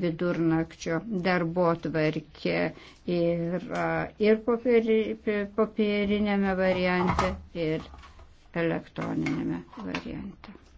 vidurnakčio darbo tvarkė ir, ir popieri, popierinėme variante, ir elektroninėme variante.